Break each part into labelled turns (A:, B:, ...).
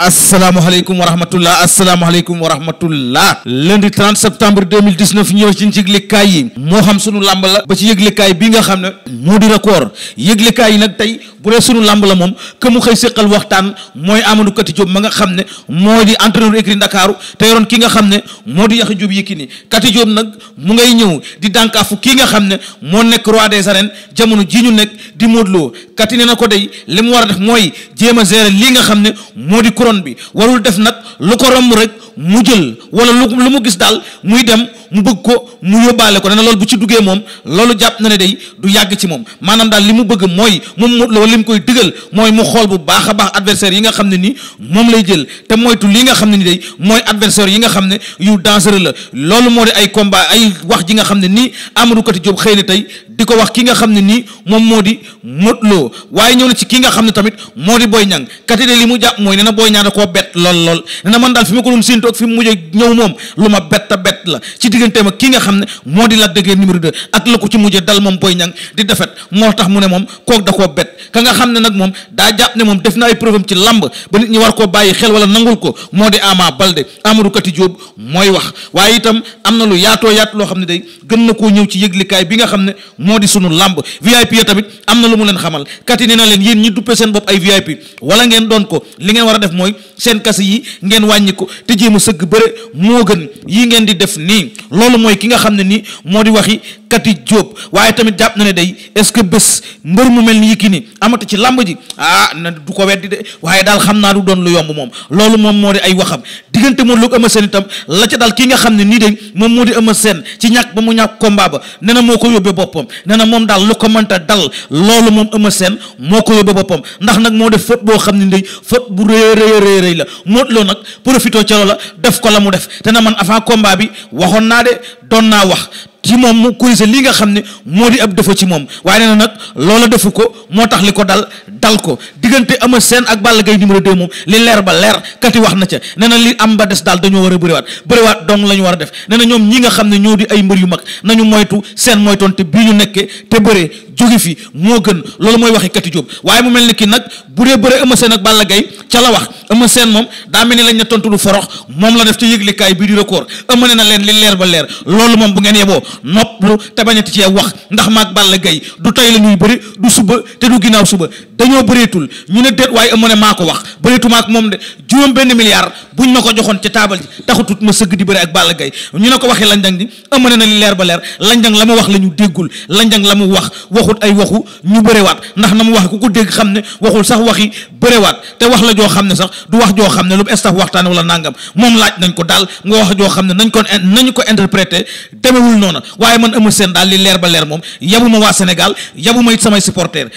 A: asalaamaaleykum wa rahmatullah asalaamaaleykum wa rahmatullah lundi 30 septembre 2019 ñëw ci yëglekaay yi moo xam sunu làmb ba ci yëglekaay bii nga xam ne moo di record yëglekaay yi nag tey bu dee sunu làmb la moom que mu xëy séqal waxtaan mooy Amadou Kati Diop ma nga xam ne moo di entraîneur écurie Ndakaaru te yoroon ki nga xam ne moo di Yaxya Diop Yékini Kati Diop nag mu ngay ñëw di dànkaafu kii nga xam ne moo nekk roi des arènes jamono ji ñu nekk di Modou Lo Kati ne na ko dey li mu war a def mooy jéem a gérer lii nga xam ne moo di couronne bi warul def nag lu ko romb rek mu jël wala lu lu mu gis daal muy dem mu bëgg ko mu yóbbaale ko nee na loolu bu ci duggee moom loolu jàpp na ne day du yàgg ci moom maanaam daal li mu bëgg mooy loolu lim koy digal mooy mu xool bu baax a baax adversaire yi nga xam ne nii moom lay jël te moytu li nga xam ne ni day mooy adversaire yi nga xam ne yu dangereux la loolu moo di ay combat ay wax ji nga xam ne nii Amadou Kati Diop xëy na tey di ko wax ki nga xam ne nii moom moo di Modou loo waaye ñëw na ci ki nga xam ne tamit moo di Boy Niang Kati de li mu jàpp mooy nee na Boy Niang da koo bett lool lool nee na man daal fi ma ko doon séentu fi mu mujjee ñëw moom lu ma bett a bett la ci digganteem ak ki nga xam ne moo di Lac de Guiers numéro 2 ak la ko ci mujjee dal moom Boy Niang di defet moo tax mu ne moom kook da koo bett ka nga xam ne nag moom daa jàpp ne moom def na ay preuve am ci lamb ba nit ñi war koo bàyyi xel wala nangul ko moo di Ama Baldé Amadou Kati Diop mooy wax waaye itam am na lu yaatoo yaat loo xam ne day gën na koo ñëw ci yëglikaay bi nga xam ne moo di sunu lamb VIP am na lu mu leen xamal kati nee na leen yéen ñi duppe seen bopp ay VIP wala ngeen doon ko li ngeen war a def mooy seen kasi yi ngeen wàññi ko te jéem sëgg bëre moo gën yi ngeen di def nii loolu mooy ki nga xam ne nii moo di waxi kati jóob waaye tamit jàpp na ne day est-ce que bés mbër mu mel ni Yékini amatu ci làmb ji ah na du ko weddi de waaye daal xam naa du doon lu yomb moom loolu moom moo di ay waxam diggante moom loog la ca daal kii xam ne nii de moom moo di Eumeu Sène ci ñàkk mu ñàkk combat ba nee na moo ko yóbbee boppam na moom daal lu ko mënta dal loolu moom Eumeu Sène moo ko yóbbee boppam ndax nag moo de faute boo xam ne ndey faute bu rëy rëy rëy la Modou Lo nag profité ca la def ko la mu def te na man avant combat bi waxoon naa de doon naa wax ci moom mu corrigé li nga xam ne moo di ab defo ci moom waaye nee na nag loola defu ko moo tax li ko dal dal ko diggante Eumeu seen ak Balla Gaye numéro 2 moom li leer ba leer kati wax na ca nee na li am ba des daal dañoo war a bëriwaat bëriwaat dong lañu ñu war a def nee ñoom ñi nga xam ne ñoo di ay mbër yu mag nañu moytu seen moytoonte bii ñu nekkee te bëree jóge fi moo gën loolu mooy waxi Kati Diop waaye mu mel ni kii nag bu dee bëre Eumeu Sène ak Balla gay ca la wax ama seen moom daa mel ni lañ ne tontu lu forox moom la def ci yëglikaay bii di record Eumeu ne na leen li leer ba leer loolu moom bu ngeen yeboo nopplu te bañati cee wax ndax maag Balla gay du tey la ñuy bëri du suba te du ginnaaw suba dañoo bëreetul ñu ne déet waaye ëmma ne maa ko wax bëreetuma ak moom de juróom benn milliard buñ ma ko joxoon ca taabal ji taxutut ma sëgg di bëri ak Balla Gaye ñu ne ko waxee lanjang ji ëmma ne na li leer ba leer lanjang la mu wax la ñu déggul lanjang la mu wax waxut ay waxu ñu waat ndax na mu wax ku ko dégg xam ne waxul sax waxi bërewaat te wax la joo xam ne sax du wax joo xam ne lu mu estaf waxtaan wala nangam moom laaj nañ ko daal nga wax joo xam ne nañ ko nañ ko interpréter demewul noona waaye man ëmma seen daal li leer ba leer moom yabu ma waa Sénégal yabu ma it samay supporter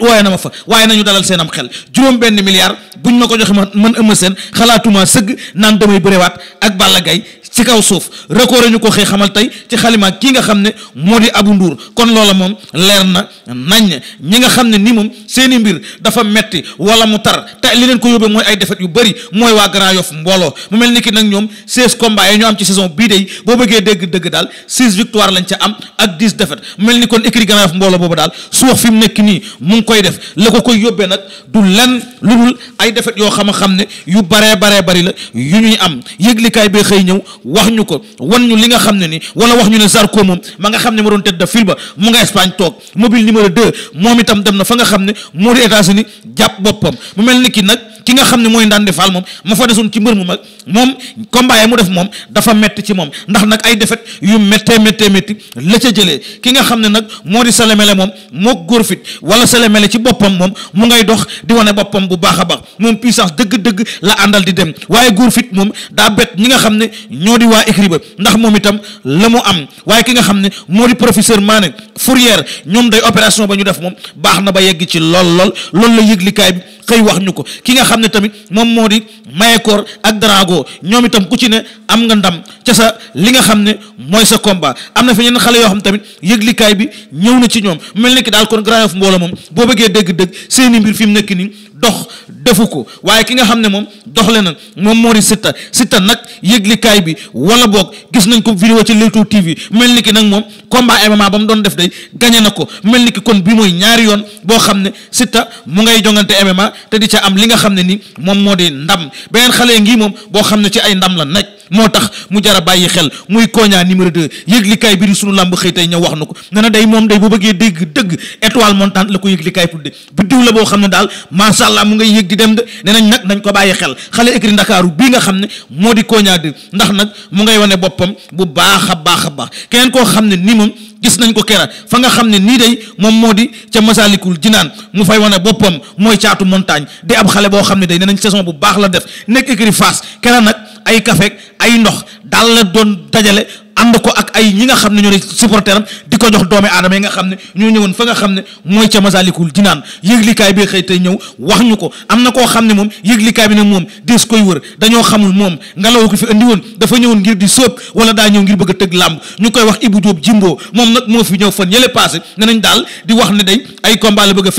A: waaye na ma fa waaye nañu dalal seen am xel juróom benn milliard buñ ma ko joxe ma man ëmma seen xalaatuma sëgg naan damay bëréwaat ak Balla Gaye ci kaw suuf record ñu ko xëy xamal tey ci xalima kii nga xam ne moo di Abu Nduur kon loola moom leer na nañ ñi nga xam ne ni moom seeni mbir dafa metti wala mu tar te li leen ko yóbbee mooy ay defet yu bëri mooy waa Grand Yoff mbooloo mu mel ni ki nag ñoom seize combats yi ñu am ci saison bii day boo bëggee dégg dëgg daal six victoire lañ ca am ak dix defet mel ni kon écrit Grand Yoff mbooloo boobu daal su wax fi mu nekk nii mu ngi koy def la ko koy yóbbee nag du lenn lu ay defet yoo xam a xam ne yu baree baree bari la yu am yëglikaay bi xëy ñëw wax ñu ko wan ñu li nga xam ne ni wala wax ñu ne Zarko moom ma nga xam ne ma doon tête de ba mu nga Espagne toog moom itam dem na fa nga xam ne moo di États-Unis jàpp boppam mu mel ni ki nag ki nga xam ne mooy Ndande Fall moom ma fa desoon ci mbër mu mag moom combat ya def moom dafa metti ci moom ndax nag ay defet yu méttee méttee métti la ca jëlee ki nga xam ne nag moo di Sélémélé moom moo góor fit wala Sélémélé ci boppam moom mu ngay dox di wane boppam bu baax a baax moom puissance dëgg-dëgg la àndal di dem waaye góor moom daa bett ñi nga xam ne ñoo ñoo di waa écrit ba ndax moom itam la mu am waaye ki nga xam ne moo di professeur Mané Fourière ñoom day opération ba ñu def moom baax na ba yegg ci lool lool loolu la yëglikaay bi xëy wax ñu ko ki nga xam ne tamit moom moo di Mayekor ak Drago ñoom itam ku ci ne am nga ndam ca sa li nga xam ne mooy sa combat am na fi ñeneen xale yoo xam tamit yëglikaay bi ñëw na ci ñoom mel ni ki daal kon Grand Yoff mbooloo moom boo bëggee dégg-dégg seeni fi mu nekk nii dox defu ko waaye ki nga xam ne moom dox na moom moo di Siteu Siteu nag yëglikaay bi wala boog gis nañ ko vidéo ci Leewtoo TV mel ni ki nag moom combat MMA ba mu doon def day gagné na ko mel ni ki kon bi mooy ñaari yoon boo xam ne Siteu mu ngay jongante MMA te di ca am li nga xam ne ni moom moo di ndam beneen xale ngi moom boo xam ne ci ay ndam la naj moo tax mu jara bàyyi xel muy koñaa numéro deux yëglikaay bi di sunu làmb xëy tey ñëw wax na ko ne na day moom day bu bëggee dégg dëgg étoile montante la ko yëglikaay tudde biddiw la boo xam ne daal masha Allah mu ngay yëg di dem de ne nañ nag ko xel xale écrit ndakaaru bii nga xam ne moo di koñaa de ndax nag mu ngay wane boppam bu baax a baax a koo xam ne ni moom gis nañ ko kera fa nga xam ne nii day moom moo di ca Masaalikul Jinaan mu fay wane boppam mooy caatu montagne di ab xale boo xam ne day nee nañ saison bu baax la def nekk écurie Fass kera nag ay kafeek ay ndox daal la doon dajale ànd ko ak ay ñi nga xam ne ñoo ne supporter am di ko jox doomi aadama yi nga xam ne ñoo ñëwoon fa nga xam ne mooy ca masalikul jinaan yëglikaay bi xëy tey ñëw wax ñu ko am na koo xam ne moom yëglikaay bi ne moom des koy wër dañoo xamul moom ngelaw ko fi andi woon dafa ñëwoon ngir di sóob wala daa ñëw ngir bëgg a tëgg ñu koy wax Ibou Diop Jimbo moom nag moo ñëw fan yële passé ne nañ daal di wax ne day ay combat la bëgg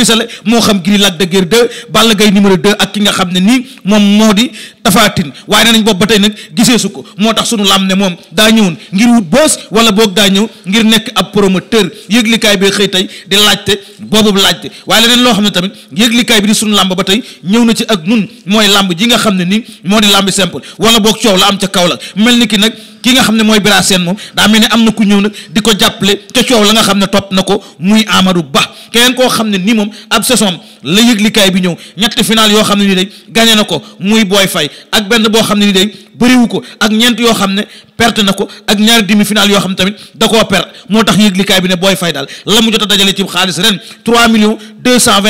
A: moo xam Gris Lac de Guiers 2 Balla Gaye numéro 2 ak ki nga xam ne nii moom moo di Tapha waaye ne nañ boobu ba tey nag gisee su ko moo tax sunu làmb ne moom daa ñëwoon ngir wut boos wala boog daa ñëw ngir nekk ab promoteur yëglikaay bi xëy tey di laajte boobu laajte waaye leneen loo xam ne tamit yëglikaay bi di sunu làmb ba tey ñëw na ci ak nun mooy làmb ji nga xam ne nii moo di làmb simple wala boog coow la am ca kaw la mel ni ki nag ki nga xam ne mooy Bira Sène moom daa mel ne am na ku ñëw nag di ko jàppale te coow la nga xam ne topp na ko muy Amadou Ba keneen koo xam ne ni moom ab saison la yëglikaay bi ñëw ñetti final yoo xam ne ni day na ko muy Boy Faye ak benn boo xam ne ni day bëriwu ko ak ñeent yoo xam ne perte na ko ak ñaari demi yoo xam ne tamit da koo perte moo tax yëglikaay bi ne Boy Faye daal la mu jot a dajale ci xaalis ren 3 millions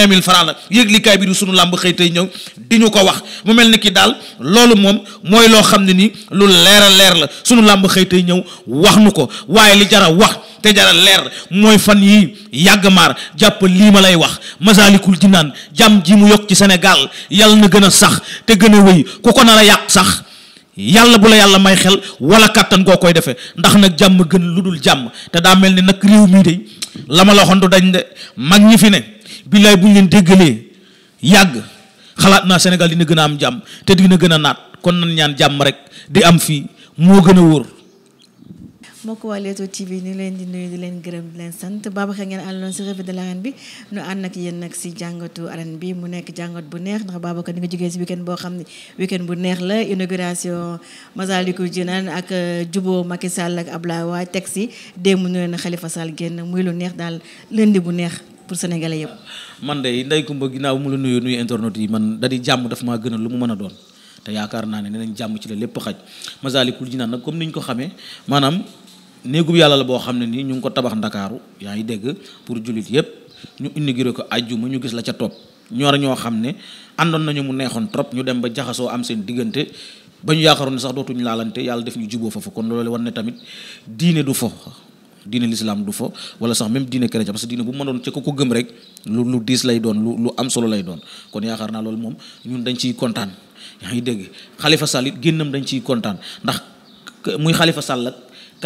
A: mille francs la yëglikaay bi du sunu làmb xëy tey ñëw di ñu ko wax mu mel ni ki daal loolu moom mooy loo xam ne nii lu leer a leer la sunu sunu làmb xëy tey ñëw wax nu ko waaye li jara wax te jara leer mooy fan yi yàgg maar jàpp lii ma lay wax Masaalikul naan jàmm ji mu yokk ci Sénégal yàlla na gën a sax te gën a wéy yàq sax yàlla bu la yàlla may xel wala kàttan koo koy defee ndax nag jàmm gën lu dul jàmm te daa mel ni nag réew mii de la ma la waxoon dañ de mag ñi fi ne billaay bu ñu leen déggalee yàgg xalaat naa Sénégal dina gën a am jàmm te dina gën a naat kon nan ñaan jàmm rek di am fii moo gën a wóor.
B: moo ko waa Leewtoo TV ñu leen di nuyu di leen gërëm leen sant Babacar ngeen àndaloon si revue de l'arène bi ñu ànd ak yéen nag si jàngatu arène bi mu nekk jàngat bu neex ndax Babacar ni nga jógee si week-end boo xam ne week-end bu neex la inauguration Massalikul Jinaan ak euh, juboo Macky Sall ak Abdoulaye Wade teg si démb ñu leen Khalifa Sall génn muy lu neex daal lundi bu neex pour sénégalais yëpp.
A: man de Ndeye Comba ginnaaw mu la nuyoo nuyu internet yi man da jàmm daf maa gënal lu mu mën a doon. te yaakaar naa ne nee nañ jàmm ci la lépp xaj Masaalikul Jinaan nag comme ni ñu ko xamee maanaam néegub yàlla la boo xam ne nii ñu ngi ko tabax ndakaaru yaa ngi dégg pour jullit yépp ñu inauguré ko àjjuma ñu gis la ca topp ñoor ñoo xam ne àndoon nañu mu neexoon trop ñu dem ba jaxasoo am seen diggante ba ñu yaakaaroon sax dootuñu laalante yàlla def ñu juboo foofu kon loolu wan ne tamit diine du fo diine l'islam du fa wala sax même diine chrétien parce que diine bu mu mënoon ca ko ko gëm rek lu lu diis lay doon lu lu am solo lay doon kon yaakaar naa loolu moom ñun dañ ciy kontaan yaa ngi dégg Khalifa Sall it génnam dañ ciy kontaan ndax muy Khalifa Sall ak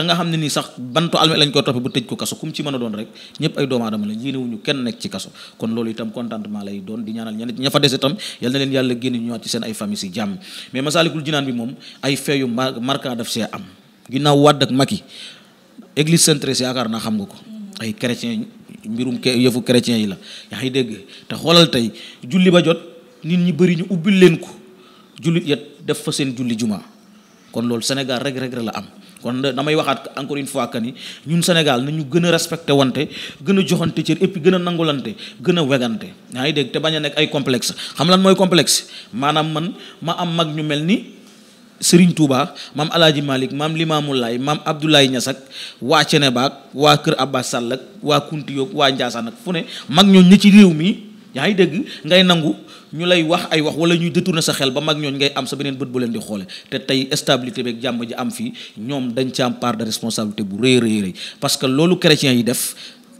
A: ka xam ne nii sax bantu alme lañ koy ci a doon rek ñëpp ay doomu aadama la kenn nekk ci kaso kon loolu itam contentement lay doon di ñaanal ñeneen ña fa des itam yal na leen yàlla génn ñëwaat ci seen ay famille si jàmm mais Masaalikul Jinaan bi moom ay feeyu marka daf see am ginnaaw Wàdd ak Macky église centriste yaakaar naa xam nga ko ay chrétien mbirum yëfu chrétien yi la yaa ngi dégg te xoolal tey julli ba jot nit ñi bëri ñu ubbil leen ko jullit yet def fa seen julli juma kon loolu Sénégal rek rek la am kon damay waxaat encore une fois que ni ñun Sénégal nañu gën a respecté wante gën a joxante cër et puis gën a nangulante gën a wegante yaa ngi dégg te bañ a nekk ay complexe xam lan mooy complexe maanaam man ma am mag ñu mel ni Serigne Touba maam Alaaji Malick maam Limaamu Laay maam Abdoulaye Niass ak waa Cene baak waa Kër Abbas Sall ak waa Kunti Yoog waa Njaasaan ak fu ne mag ñooñ ñi ci réew mi yaa ngi dégg ngay nangu ñu lay wax ay wax wala ñuy na sa xel ba mag ñooñ ngay am sa beneen bët bu leen di xoole te tey stabilité beeg jàmm ji am fii ñoom dañ ci am part de responsabilité bu rëy rëy rëy parce que loolu chrétiens yi def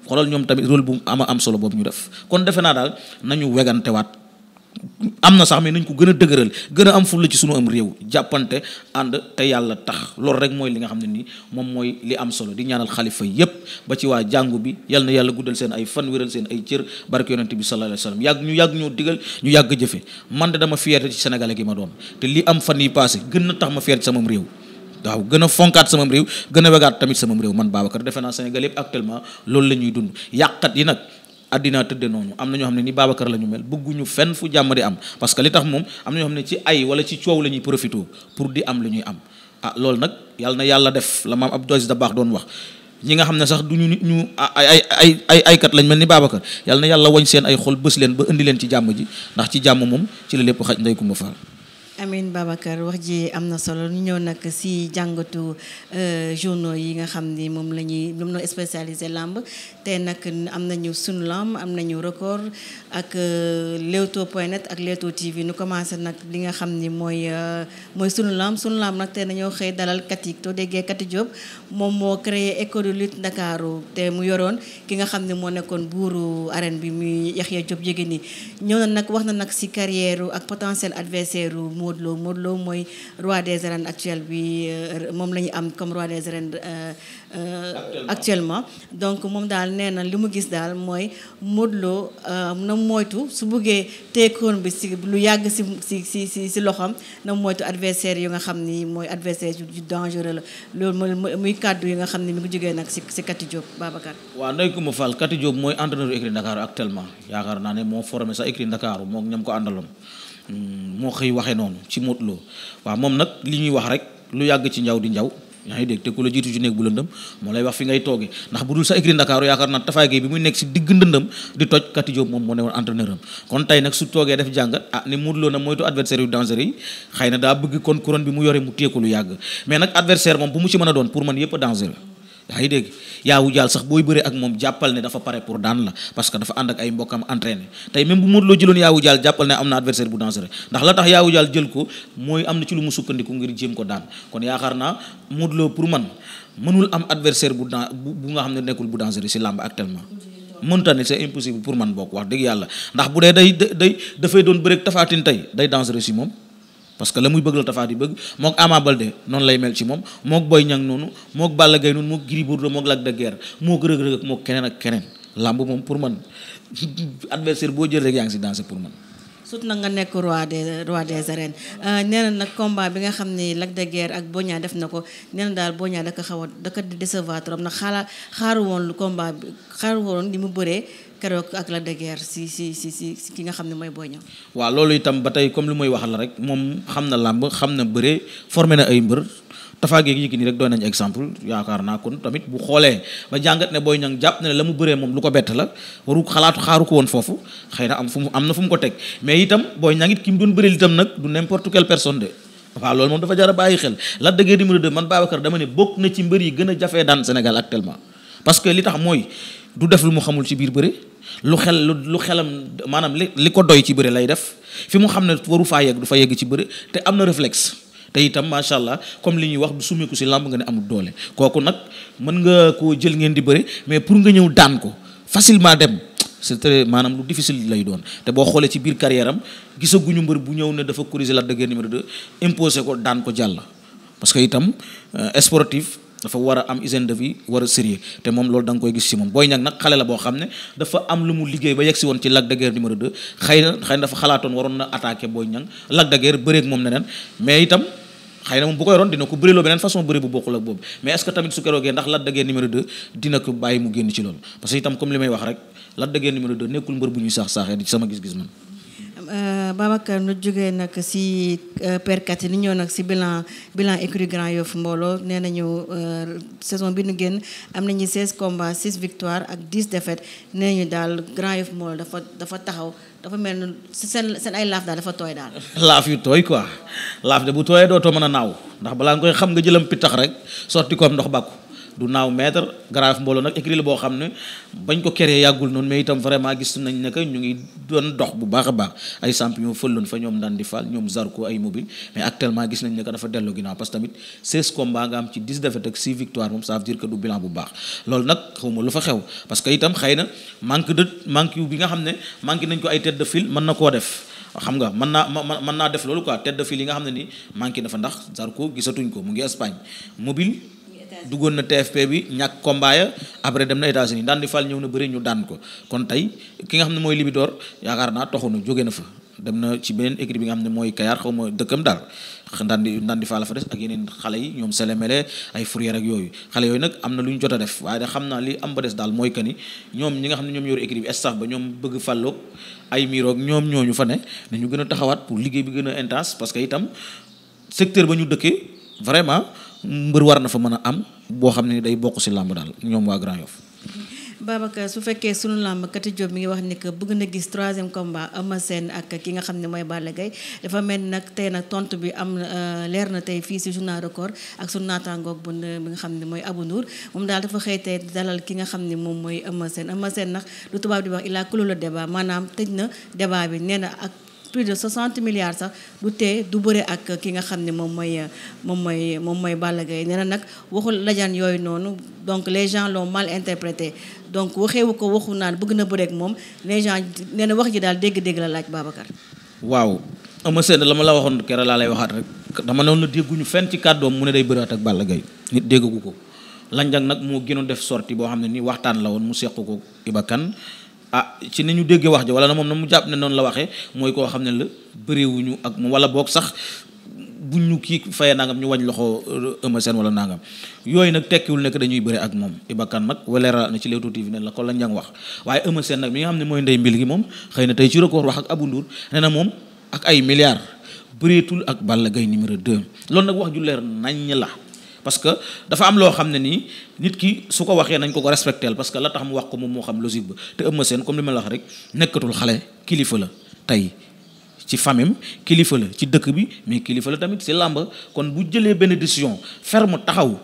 A: xoolal ñoom tamit rôle bu ama am solo boobu ñu def kon defe naa daal nañu wegantewaat am na sax mais nañ ko gën a dëgëral gën a am fulla ci sunu am réew jàppante ànd te yàlla tax loolu rek mooy li nga xam ne nii moom mooy li am solo di ñaanal xalifa yépp ba ci waa jàngu bi yàlla na yàlla guddal seen ay fan wéral seen ay cër barke yonente bi sallallahu alayhi wasallam yàgg ñu yàgg ñoo digal ñu yàgg jëfe man de dama fierté ci sénégalais gi ma doon te li am fan yi passé gën na tax ma fierté samam réew waaw gën a fonkaat samam réew gën a wegaat tamit samam réew man Babacar defe naa senegal yépp actuellement loolu la ñuy dund addinaa tëdde noonu am na ñoo xam ne ni Babacar la ñu mel bëgguñu fenn fu jàmm di am parce que li tax moom am na ñoo xam ne ci ay wala ci coow la ñuy profité pour di am lu ñuy am ah loolu nag yàlla na yàlla def la ma maam Abdou Aziz baax doon wax ñi nga xam ne sax du ñu ñu ay ay ay aykat lañ mel ni Babacar yàlla na yàlla wañ seen ay xol bës leen ba indi leen ci jàmm ji ndax ci jàmm moom ci la lépp xaj ndey kumba faal
B: amin Babacar wax ji am na solo ñu ñëw nag si jàngatu euh, journaux yi nga xam ni moom la ñuy moom noo spécialisé làmb te nag am nañu sunu làmb am nañu record ak euh, Leewtoo point net ak Leewtoo TV nu commencé nag li nga xam ni mooy euh, mooy sunu làmb sunu làmb nag te nañoo xëy dalal Kati too déggee Kati Diop moom moo créé école de Ndakaaru te mu yoroon ki nga xam ne moo nekkoon buuru arène bi muy Yaxya Diop Yékini ñëw na nag wax na nag si carrière ak potentiel adversaire Modou Lo Modou Lo mooy roi des arènes actuel bi euh, moom la ñu am comme roi des arènes euh, euh, actuellement donc moom daal nee na li mu gis daal mooy Modou Lo na moytu su buggee teekoon bi lu yàgg si si si si si loxoom na moytu adversaire yu nga xam ni mooy adversaire yu dangereux la loolu muy kàddu yi nga xam ne mi ngi jógee nag si si Kati Diop Babacar
A: waaw Ndeye Coumba Fall Kati Diop mooy entraîneur écurie Dakar actuellement yaakaar naa ne moo formé sa écurie Dakar moom ñoom ko àndaloon Hmm, moo xëy waxee noonu ci Modou waa moom nag li ñuy wax rek lu yàgg ci njaw di njaw yaa ngi dégg te ku la jiitu ci néeg bu lëndëm moo lay wax fi ngay toogee ndax bu dul sa écrit Ndakaaru yaakaar naa Tapha bi mu nekk si digg ndëndëm di toj Kati moom moo ne woon entraîneur am kon tey nag su toogee def jàngat ah ni Modou Lo na moytu adversaire yu dangereux yi xëy na daa bëgg kon couronne bi mu yore mu téye ko lu yàgg mais nag adversaire moom bu mu ci mën a doon pour man yëpp a yaa ngi dégg yaa wu jaal sax booy bëree ak moom jàppal ne dafa pare pour daan la parce que dafa ànd ak ay mbokkam entraîné tey même bu Modou Lo jëloon yaa wu jaal jàppal ne am na adversaire bu dangereux ndax la tax yaa wu jaal jël ko mooy am na ci lu mu sukkandiku ngir jéem ko daan kon yaakaar naa Modou Lo pour man mënul am adversaire bu dan bu nga xam ne nekkul bu dangereux si làmb actuellement mënta ne c'est impossible pour man bokk wax dëgg yàlla ndax bu dee day day dafay doon bëreeg tafaatin tey day dangereux si moom parce que la muy bëgg la Tapha di bëgg mook Ama Baldé noonu lay mel ci moom mook Boy Niang noonu mook Balla Gaye noonu mook Gris Bordeaux mook Lac de Guiers mook Reug Reug mook keneen ak keneen làmb moom pour man adversaire boo jël rek yaa ngi si dansé pour man
B: sut na nga nekk roi des roi des arènes euh, nee nag combat bi nga xam ne Lac de Guiers ak Boña def na ko nee na daal Boña da ko xaw a trop na xaala xaaru woon lu combat bi woon li mu bëree keroog ak la ki nga xam ne mooy Boy Niang.
A: waaw loolu itam ba tey comme li mooy wax la rek moom xam na làmb xam na bëre formé na ay mbër Tapha Gueye Yékini rek doon nañ exemple yaakaar naa kon tamit bu xoolee ba jàngat ne Boy Niang jàpp la mu bëree moom lu ko bett la waru xalaatu xaaru ko woon foofu xëy na am fu am na fu mu ko teg mais itam Boy Niang it ki mu doon bëreel itam nag du n'importe quelle personne de. waaw loolu moom dafa jar a bàyyi xel la dëggee numéro 2 man Babacar dama ne bokk na ci mbër yi gën a jafe daan Sénégal actuellement parce li tax mooy du def lu mu xamul ci biir bëre lu xel lu xelam maanaam li li ko doy ci bëre lay def fi mu xam ne waru faa yegg du fa yegg ci bëre te am na réflexe te itam macha allah comme li ñuy wax du sumeeku si làmb nga ne amul doole kooku nag mën nga koo jël ngeen di bëre mais pour nga ñëw daan ko facilement dem c'est très maanaam lu difficile lay doon te boo xoolee ci biir carrière am gisaguñu mbër bu ñëw ne dafa corriger Lac de Guiers numéro 2 imposé ko daan ko jàll parce que itam euh, sportif. dafa war a am hygiène de vie war a sérieux te moom lool da nga koy gis si moom booy Niang nag xale la boo xam ne dafa am lu mu liggéey ba yegsi woon ci Lac de Guiers xëy na xëy na dafa waroon na attaquer Boy Niang Lac de Guiers bëreeg moom neneen mais itam xëy na moom bu ko yoroon dina ko bëriloo beneen façon bëri bu bokkul ak boobu mais est-ce que tamit su keroogee ndax Lac de dina ko bàyyi mu génn ci loolu parce que itam comme li may wax rek Lac de Guiers numéro 2 nekkul mbër bu ñuy saax saaxee di sama gis-gis man
B: Euh, Babacar nu jógee nag si euh, perkat yi ni ñëw nag si bilan bilan écurie Grand Yoff mbooloo nee nañu euh, saison bi nu génn am nañu 16 combats 6 victoires ak 10 défaites nee ñu daal Grand Yoff mbooloo dafa dafa taxaw dafa mel ni seen seen ay laaf daal dafa tooy daal.
A: laaf yu tooy quoi laaf de bu tooyee dootoo mën a naaw ndax balaa nga koy xam nga jëlam pitax rek sotti koom ndox bàkku du naaw maître Grand Mbooloo nag écrit la boo xam ne bañ ko keree yàggul noonu mais itam vraiment gis nañ ne que ñu ngi doon dox bu baax a baax ay champion fëlloon daan di faal ñoom Zarko ay mobile mais actuellement gis nañ ne que dafa dellu ginnaaw parce que tamit 16 combats nga am ci 10 défaites ak 6 victoires moom ça veut dire que loolu nag lu fa xew parce que itam xëy na manque de manque yu bi nga xam ne manque nañ ko ay tête de file mën na koo def xam nga mën naa mën naa def loolu quoi tête de file yi nga xam ne ni manqué na fa ndax Zarko gisatuñ ko mu ngi Espagne mobile duggoon na TFP bi ñàkk combat ya après dem na États-Unis daan di fal ñëw na bëri ñu daan ko kon tey ki nga xam ne mooy Libidor yaakaar naa toxu na jóge na fa dem na ci beneen équipe bi nga xam ne mooy Kayar ñoom a ñoom ñi nga xam ne ñoom ba ñoom bëgg fàlloog ay miiroog ñoom ñooñu fa ne nañu gën a taxawaat pour liggéey bi gën a intense parce que itam secteur ba ñu dëkkee mbër war na fa mën a am boo xam ne day bokk si làmb daal ñoom waa Grand Yoff
B: Babacar su fekkee sunu làmb Kati Diop mi ngi wax ni que bëgg na gis troisième combat Eumeu Sène ak ki nga xam ne mooy Balla Gaye dafa mel ni nag tey nag tontu bi am euh, leer na tey fii si journal ak sunu naataangoog bu bi nga xam ne mooy Abou Nour moom daal dafa xëy tey dalal ki nga xam ne moom mooy Eumeu Sène Eumeu Sène nag lu tubaab di wax il a clos maanaam tëj na débat bi nee na ak. plus de 60 milliards sax du tee du bëre ak ki nga xam ne moom mooy moom mooy moom mooy Balla Gaye nee na nag waxul lajaan yooyu noonu donc les gens mal interprété donc waxeewu ko waxu naan bëgg na bëreek moom les gens nee na wax ji daal dégg-dégg la laaj Babacar.
A: waaw ama seen la ma la waxoon keroog laa lay waxaat rek dama noonu la dégguñu fenn ci kàddoom mu ne day bëreet ak Balla Gaye nit déggu ko. lan Lanjang nag moo gënoon def sorti boo xam ne nii waxtaan la woon mu seq ko Iba ah ci ni ñu déggee wax ji wala na moom na mu jàpp ne noonu la waxe mooy koo xam ne la bëreewuñu ak moom wala boog sax buñ ñu kii fayee nangam ñu wañ loxo euh, Eumeu seen wala nangam yooyu nag tekkiwul nekk dañuy bëre ak moom Iba Kane nag waleera na ci Leewtoo TV ne la ko la njang wax waaye Eumeu Sène nag mi nga xam ne mooy ndey mbil gi moom xëy na tey ci record wax ak abu Ndour ne na moom ak ay milliards bëreetul ak Balla gay numéro 2 loolu nag wax ju leer nañ la parce que dafa am loo xam ne nii nit ki su ko waxee nañ ko ko respecteel parce que la tax mu wax ko moom moo xam logique ba te Eumeu Sène comme li ma la wax rek nekkatul xale kilifa la tey ci famem kilifa la ci dëkk bi mais kilifa la tamit ci làmba kon bu jëlee benn décision ferme taxaw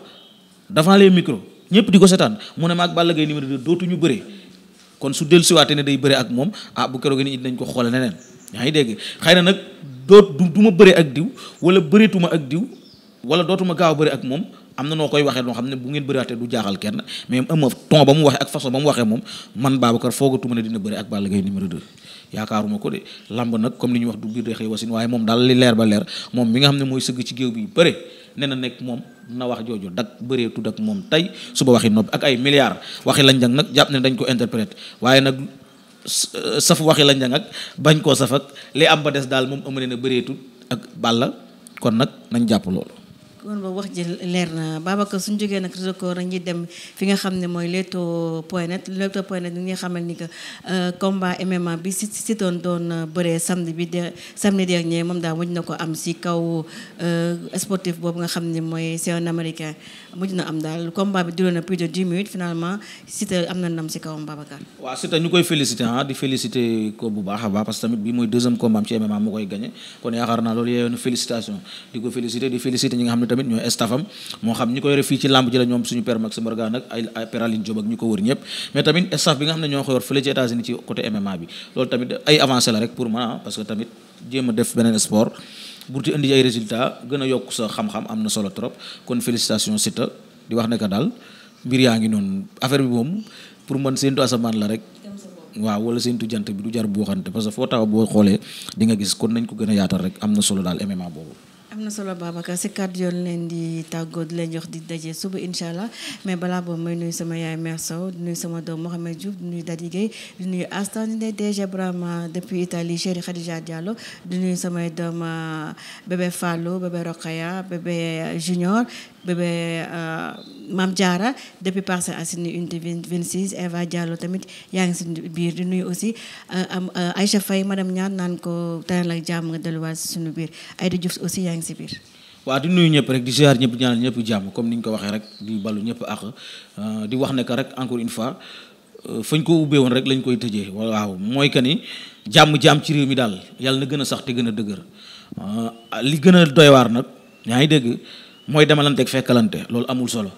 A: devant les micros ñëpp di ko setaan mu ne ma ak Balla Gaye numéro 2 dootuñu bëree kon su dellu siwaate ne day bëre ak moom ah bu keroog ni it nañ ko xoole neneen yaa ngi dégg xëy na nag doot du ma bëree ak diw wala bëreetuma ak diw wala dootuma gaaw a ak moom am na noo koy waxee loo xam ne bu ngeen bëraatee du jaaxal kenn mais Eumeu ton ba mu waxee ak façon ba mu waxee moom man Babacar foogatuma ne dina bëri ak Balla Gaye numéro 2 yaakaaruma ko de lamb nag comme li wax du biir deexee wasin waaye moom daal li leer ba leer moom mi nga xam ne mooy sëgg ci na nekk moom na wax jooju dak bëree tudd moom tey suba waxi noppi ak ay milliards waxi lañ jàng nag jàpp dañ ko interprète waaye nag saf euh, waxi lañ jàng bañ koo saf ak li am ba des daal moom ëmb ne na bëreetut ak Balla kon nag nañ jàpp loolu
B: kon boobu wax ji leer na Babacar suñu jógee nag réseau corps ñuy dem fi nga xam ne mooy Leewtoo point net Leewtoo point net ñi nga xam ni que euh, combat MMA bi si si doon doon euh, bëree samedi bi de samedi dernier moom daal mujj na ko am si kaw euh, sportif boobu nga xam ne mooy c'est un américain mujj na am daal combat bi duré na plus de dix minutes finalement Siteu na ndam si kawam Babacar.
A: waaw Siteu ñu koy félicité ah, ko baax a a félicitation di ko félicité tamit ñooy staffam moo xam ñi koy yore fii ci lamb ji ñoom suñu père Max Mbargane ak ay Peraline Diop ak ñi ko wër ñëpp mais tamit staff bi nga xam ne ñoo ko yor ci États-Unis ci côté MMA bi loolu tamit ay avancé la rek pour man ah, a def beneen sport am na solo trop kon félicitation Siteu di wax ne que bi moom pour man seentu asamaan la rek waaw wala seentu jant bi du jar boo parce que foo tax boo xoolee di gis kon nañ ko gën a yaatal rek am na solo daal MMA boobu
B: am na solo Babacar si kàddu yoon leen di tàggoo di leen jox di daje suba incha allah mais balaa boobu may nuyu sama yaay mère Sow di sama doom Mohamed Diouf di nuyu Dadi Gueye di nuyu Astan di nuyu DG di nuyu samay doom euh, bébé Fallou bébé Rokhaya bébé euh, Junior bébé euh, Mame Diarra depuis Parcelles Assainies unité 26 Eva Diallo tamit yaa aussi am Aïcha Faye madame Niane naan ko dalal ak jàmm nga delluwaat si suñu biir Aïda Diouf aussi yaa ngi si biir.
A: waaw di nuyu ñëpp rek di ziar ñëpp ñaanal ñëpp jàmm comme ni ñu ko waxee rek di ballu ñëpp ak ah, di wax ne rek encore une fois euh, fañ ko ubbee woon rek lañ koy tëjee waaw mooy que ni jàmm-jàmm ci réew mi daal yàlla na gën a sax te gën a dëgër ah, li gën a doy waar nag yaa ngi dégg mooy demalanteeg fekkalante loolu amul solo.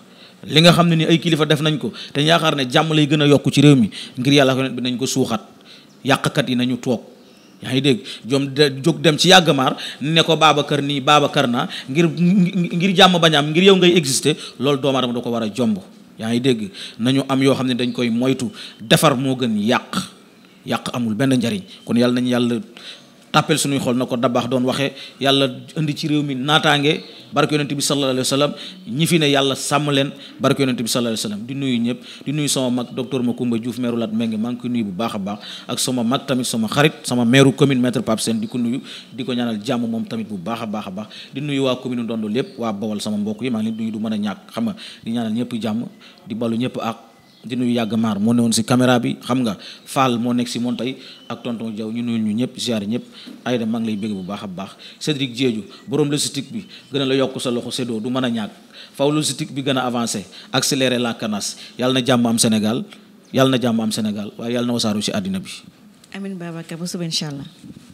A: li nga xam ne ni ay kilifa def nañ ko te yaakaar ne jàmm lay gën a yokk ci réew mi ngir yàlla ko ne bi nañ ko suuxat yàqkat yi nañu toog yaa ngi dégg jom de jóg dem ci yàggamaar ne ko Babacar nii Babacar naa ngir ngir jàmm bañ am ngir yow ngay exister loolu doomu aadama ko war a jomb yaa ngi dégg nañu am yoo xam ne dañ koy moytu defar moo gën yàq yàq amul benn njariñ kon yàlla nañu yàlla tàppel suñuy xol na ko dabaax doon waxee yàlla indi ci réew mi naataange barke yonente bi sallallahu alayhi wa ne yàlla sàmm leen barke yonente bi sallallahu alayhi wa di nuyu ñëpp di nuyu sama mag docteur Macoumba Diouf meeru Lat Mengue maa ngi koy nuyu bu baax a baax ak sama mag tamit sama xarit sama meeru commune maître Pape Sène di ko nuyu di ko ñaanal jàmm moom tamit bu baax a baax a baax di nuyu waa commune Ndondo lépp waa Bawol sama mbokk yi maa ngi leen di nuyu du mën a ñàkk xam nga di ñaanal ñëpp jàmm di balu ñëpp ak di nuyu yàgg maar moo newoon si caméra bi xam nga Fall moo nekk si montagne ak tonton Diaw ñu nuyu ñu ñëpp ziar ñëpp Aïda maa ngi lay bëgg bu baax a baax Cédric Diédiou borom logistique bi gën a la yokk sa loxo séddoo du mën a ñàkk faw logistique bi gën a avancé accélérer la canas yàlla na jàmb am Sénégal yal na jàmm am Sénégal waaye yàlla na wasaaru si àddina bi.
B: amin